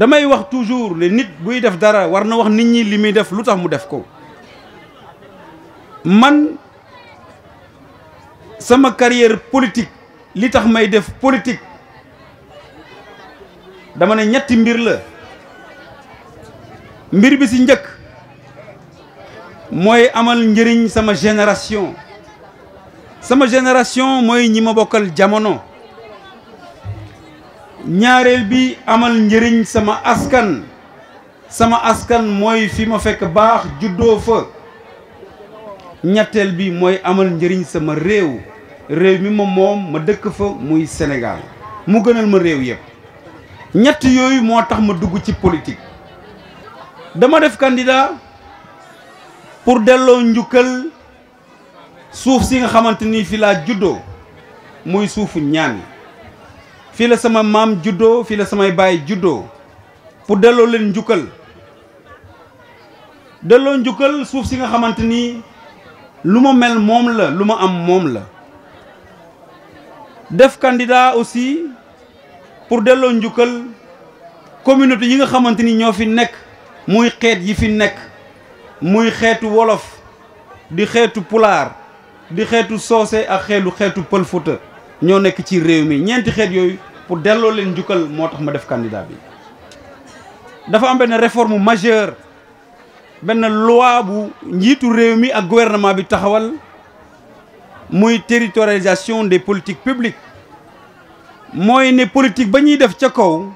damay wax toujours le nit buy def dara war na wax nit ñi li muy def lu tax mu def ko man sama carrière politique li tax may def politique dama ne ñetti mbir la mbir bi ci njëkk mooy amal njëriñ sama génération sama génération mooy ñi ma bokkal jamono ñaareel bi amal njëriñ sama askan sama askan mooy fi ma fekk baax juddoo fa ñetteel bi mooy amal njëriñ sama réew réew mi ma moom ma dëkk fa muy Sénégal mu gënal ma réew yëpp ñett yooyu moo tax ma dugg ci politique dama def candidat pour delloo njukkal suuf si nga xamante ni fi laa juddoo mooy suufu ñaan fii la sama maam juddoo fii la samay baay juddoo pour delloo leen njukkal delloo njukkal suuf si nga xamante ni lu ma mel moom la lu ma am moom la def candidat aussi pour delloo njukkal communauté yi nga xamante ni ñoo fi nekk muy xeet yi fi nekk muy xeetu wolof di xeetu pulaar di xeetu soose ak xeelu xeetu pël Fuuta ñoo nekk ci réew mi ñeenti xeet yooyu pour delloo leen njukkal moo tax ma def candidat bi dafa am benn réforme majeure benn loi bu njiitu réew mi ak gouvernement bi taxawal muy territorialisation des politiques publiques mooy ne politique ba ñuy def ca kaw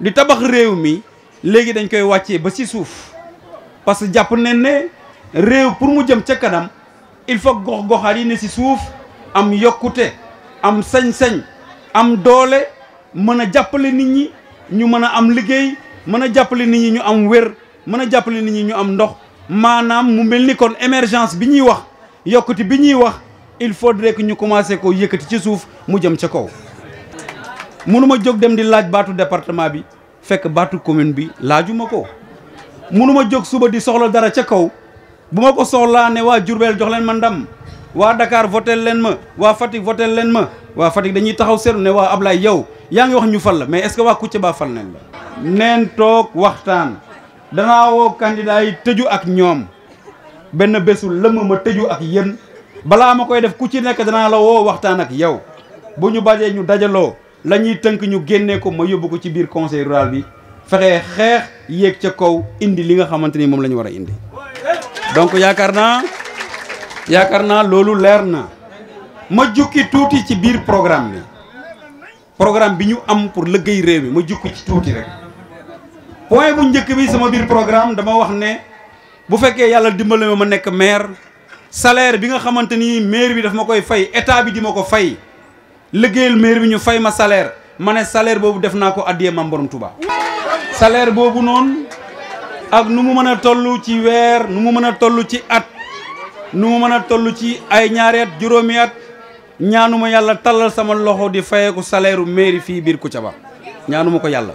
di tabax réew mi léegi dañ koy wàccee ba ci suuf parce que jàpp nañ ne réew pour mu jëm ca kanam il faut gox goxaat yi ne ci suuf am yokkute am sañ-sañ am doole mën a jàppale nit ñi ñu mën a am liggéey mën a jàppale nit ñi ñu am wér mën a jàppale nit ñi ñu am ndox maanaam mu mel ni kon émergence bi ñuy wax yokkati bi ñuy wax il faudrait que ñu commencé ko yëkkati ci suuf mu jëm ca kaw mënuma jóg dem di laaj baatu département bi fekk baatu commune bi laajuma ko mënuma jóg suba di soxla dara ca kaw bu ma ko soxlaa ne waa Jurbel jox leen ma ndam waa dakaar votel leen ma waa Fatick votel leen ma waa Fatick dañuy taxaw seetlu ne waa Ablaye yow yaa ngi wax ñu fal la mais est-ce que waa Koutiéba fal nañ la. neen toog waxtaan danaa woo candidat yi tëju ak ñoom benn bésu lëmm ma tëju ak yéen balaa ma koy def ku ci nekk danaa la woo waxtaan ak yow bu ñu bajee ñu dajaloo la ñuy tënk ñu génnee ko ma yóbbu ko ci biir conseil rural bi fexe xeex yéeg ca kaw indi li nga xamante ni moom la ñu war a indi donc yaakaar yaakaar naa loolu leer na ma jukki tuuti ci biir programme bi programme bi ñu am pour liggéey réew bi ma jukki ci tuuti rek point bu njëkk bi sama biir programme dama wax ne bu fekkee yàlla dimbale ma ma nekk maire salaire bi nga xamante ni maire bi daf ma koy fay état bi di ma ko fay liggéeyal maire bi ñu fay ma salaire ma ne salaire boobu def naa ko addiyee mam borom Touba boobu noonu ak nu mu mën a toll ci weer nu mu mën a toll ci at nu mu mën a toll ci ay ñaari at juróomi at ñaanuma yàlla tallal sama loxo di fayeeku salaire mairie fii biir Kouthiaba ñaanuma ko yàlla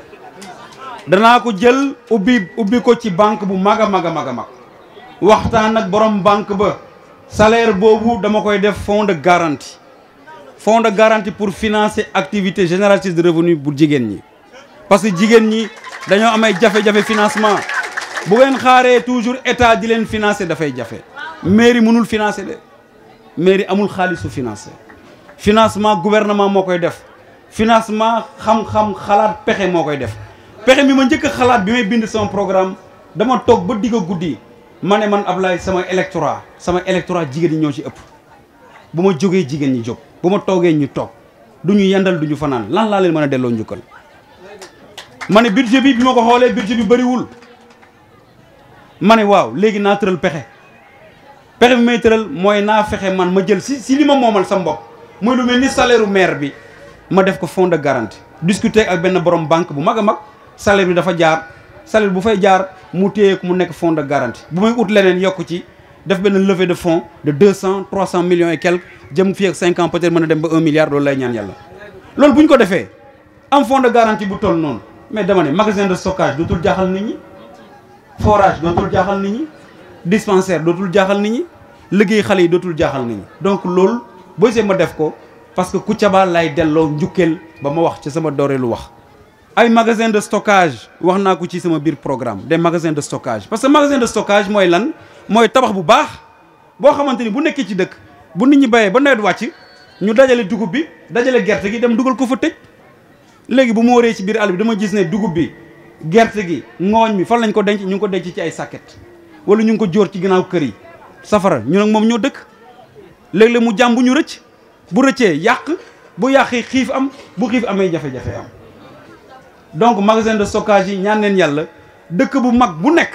danaa ko jël ubbi ubbi ko ci banque bu mag a mag a mag a mag waxtaan ak borom banque ba salaire boobu dama koy def fonds de garantie fonds de garantie pour financer activité génératrice de revenu bu jigéen ñi parce que jigéen ñi dañoo am ay jafe-jafe financement bu ngeen xaaree toujours état di leen financer dafay jafe mairie mënul financer de mairie amul xaalisu financer financement gouvernement moo koy def financement xam-xam xalaat pexe moo koy def pexe mi ma njëkk a xalaat bi may bind sama programme dama toog ba digg a guddi ma ne man Ablaye sama électorat sama électorat jigéen yi ñoo ci ëpp bu ma jógee jigéen ñi jóg bu ma toogee ñu toog du ñu yendal du ñu fanaan lan laa leen mën a delloo njukkal ma ne budget bi bi ma ko xoolee budget bi bëriwul ma ne waaw léegi naa tëral pexe pexe bi may tëral mooy naa fexe man ma jël si si li ma moomal sa mbokk muy lu mel ni salaire maire bi ma def ko fond de garante discuter ak benn borom banque bu mag a mag salaire bi dafa jaar salaire bu fay jaar mu téye ko mu nekk fonds de garantie bu may ut leneen yokk ci def benn levée de fonds de deux cent trois cent millions et quelques jëm fii ak cinq ans mën a dem ba un milliard loolu lay ñaan yàlla. loolu bu ñu ko defee am fonds de garantie bu toll noonu mais dama ne magasin de stockage dootul jaaxal nit ñi forage jaaxal nit ñi. dispensaire dootul jaaxal nit ñi liggéey xale yi dootul jaaxal nañ ñi donc loolu boo see ma def ko parce que Kouthiaba laay delloo njukkeel ba ma wax ci sama doreelu wax ay magasin de stockage wax naa ko ci sama biir programme de magasin de stockage parce que magasin de stockage mooy lan mooy tabax bu baax boo xamante ni bu nekkee ci dëkk bu nit ñi béyee ba nawet wàcc ñu dajale dugub bi dajale gerte gi dem dugal ko fa tëj léegi bu ma waree ci biir àll bi dama gis ne dugub bi gerte gi ngooñ mi fan lañ ko denc ñu ngi ko denc ci ay sàkket wala ñu ngi ko jóor ci ginnaaw kër yi safara ñu nag moom ñoo dëkk léeg-léeg mu jàmbu ñu rëcc bu rëccee yàq bu yàqee xiif am bu xiif amee jafe-jafe am donc magasin de stockage yi ñaan neen yàlla dëkk bu mag bu nekk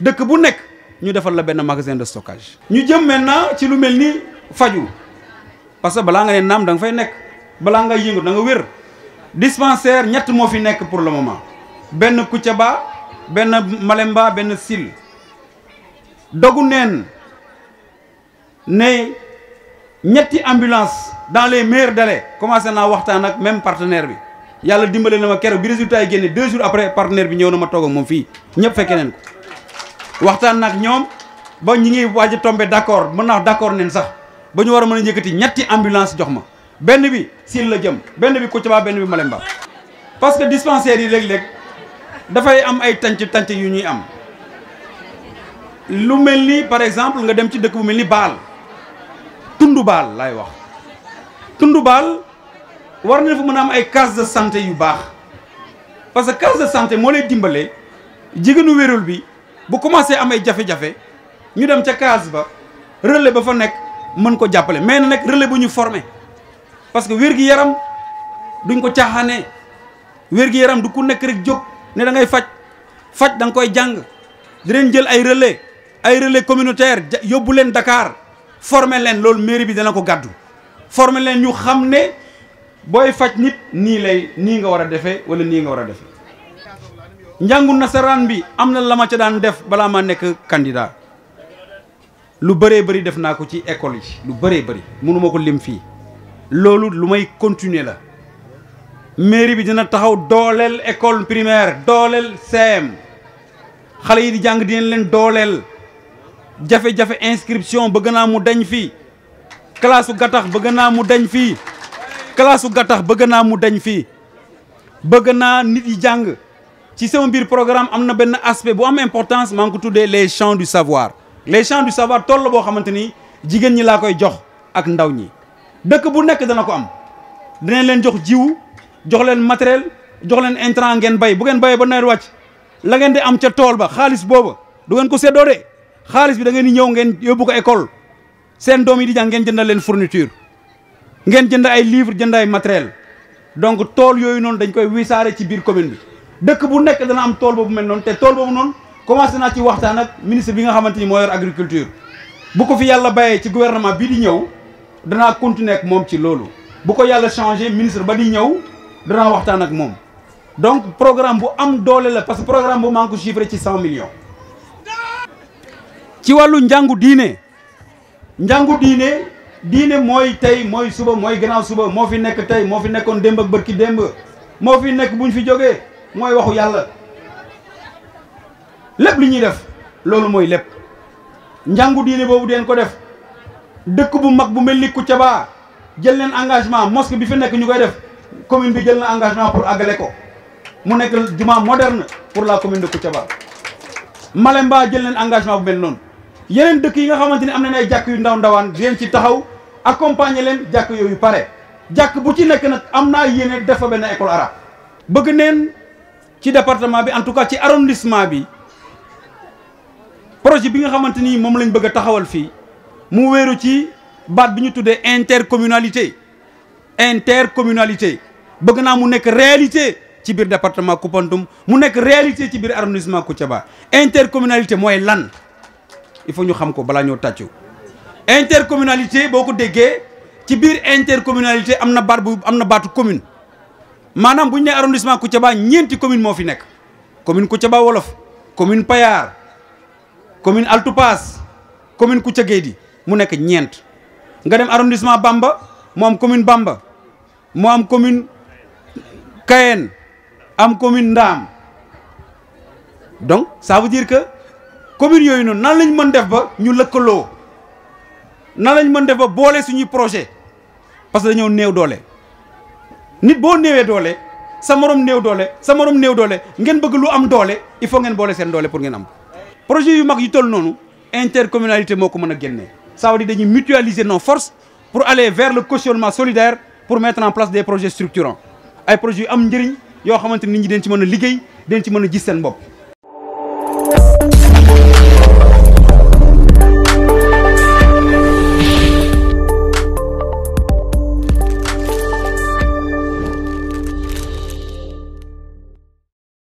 dëkk bu nekk ñu defal la benn magasin de stockage ñu jëm maintenant ci lu mel ni faju parce que balaa nga ne naam danga fay nekk balaa ngay yëngu da nga wér dispensaire ñett moo fi nekk pour le moment benn Koutiaba benn Malemba benn Sil dogu neen ne ñetti ambulance dans les meilleurs délais commencé naa waxtaan ak même partenaire bi yàlla dimbale na ma keroog bi résultat yi génne deux après partenaire bi ñëw na ma toog ak moom fii ñëpp fekke neen ko waxtaan nag ñoom ba ñu ngi waaj a tombé d'accord mën naa wax d'accord neen sax ba ñu war a mën a yëkkati ñetti ambulance jox ma benn bi Sile la jëm benn bi Koutiaba benn bi Malemba parce que dispensaire yi léeg-léeg dafay am ay tànc tànc yu ñuy am lu mel ni par exemple nga dem ci dëkk bu mel ni Baal tundu laay wax tundu war na fa mën a am ay case de santé yu baax parce que case de santé moo lay dimbale jigéenu wérul bi bu commencé am ay jafe-jafe ñu dem ca case ba relais ba fa nekk mën ko jàppale mais nag relais bu ñu formé parce que wér gi yaram duñ ko caaxaanee wér gi yaram du ku nekk rek jóg ne da ngay faj faj danga koy jàng di leen jël ay relais ay relais communautaire yóbbu leen Dakar former leen loolu mairie bi dana ko gàddu former leen ñu xam ne booy faj nit nii lay nii nga war a defee wala nii nga war a defee njàngu nasaraan bi am na la ma ca daan def balaa ma nekk candidat lu bëree bari def naa ko ci école yi lu baree bari mënuma ko lim fii loolu lu may continuer la mairie bi dina taxaw dooleel école primaire dooleel CM xale yi di jàng dinañ leen dooleel jafe-jafe inscription bëgg naa mu dañ fii classe gattax bëgg naa mu dañ fii kalaasu u gattax bëgg naa mu dañ fii bëgg naa nit yi jàng ci sama biir programme am na benn aspect bu am importance maa ko tuddee les chan du savoir les champs du savoir toll boo xamante ni jigéen ñi laa koy jox ak ndaw ñi dëkk bu nekk dana ko am dinañ leen jox jiwu jox leen matériel jox leen intrant ngeen bay bu ngeen bayee ba nawet wàcc la ngeen di am ca tool ba xaalis booba du ngeen ko séddoo xaalis bi da ngeen di ñëw ngeen yóbbu ko école seen doom yi di jàng ngeen jëndal leen fourniture ngeen jënd ay livre jënd ay matériel donc tool yooyu noonu dañ koy wisaare ci biir commune bi dëkk bu nekk dana am tool boobu mel noon te tool boobu noon commencé naa ci waxtaan ak ministre bi nga xamante ni moo agriculture bu ko fi yàlla bàyyee ci gouvernement bii di ñëw danaa continuer ak moom ci loolu bu ko yàlla changé ministre ba di ñëw dana waxtaan ak moom donc programme bu am doole la parce que programme bu maa ci cent millions ci wàllu njàngu diine njàngu diine diine mooy tey mooy suba mooy gannaaw suba moo fi nekk tey moo fi nekkoon démb ak bërki démb moo fi nekk buñ fi jógee mooy waxu yàlla lépp li ñuy def loolu mooy lépp njàngu diine boobu deen ko def dëkk bu mag bu mel ni Kouthiaba jël leen engagement mosquée bi fi nekk ñu koy def commune bi jël na engagement pour àggale ko mu nekk jumaa moderne pour la commune de Kouthiaba Malemba jël leen engagement bu mel noonu yeneen dëkk yi nga xamante ni am na ay jàkk yu ndaw ndawaan dinañ ci taxaw accompagner leen jàkk yooyu pare jàkk bu ci nekk nag am naa yéene def fa benn école arabe bëgg neen ci département bi en tout cas ci arrondissement bi projet bi nga xamante ni moom lañ bëgg a taxawal fii mu wéeru ci baat bi ñu tuddee intercommunalité intercommunalité bëgg naa mu nekk réalité ci biir département Koupantoum mu nekk réalité ci biir arrondissement Koutiaba intercommunalité mooy lan il ñu xam ko balaa ñoo tàccu intercommunalité boo ko déggee ci biir intercommunalité am na baat bu am na baatu commune maanaam bu ñu nee arrondissement Kouthiaba ñeenti commune moo fi nekk commune Kouthiaba Wolof commune Payar commune Altoupaas commune Kouthia Guédi mu nekk ñeent nga dem arrondissement Bamba moo am commune Bamba moo am commune Kayen am commune Ndaam donc ça veut dire communes yooyu noonu nan lañ mën def ba ñu lëkkaloo nan lañ mën def ba boole suñuy projet parce que dañoo néew doole nit boo néewee doole sa morom néew doole sama morom néew doole ngeen bëgg lu am doole il faut ngeen boole seen doole pour ngeen am projet yu mag yu toll noonu intercommunalité moo ko mën a génnee ça veut dire dañuy mutualiser nos forces pour aller vers le cautionnement solidaire pour mettre en place des projets structurants ay projets yu am njëriñ yoo xamante ni nit ñi dañ ci mën a liggéey dañ ci mën a gis seen bopp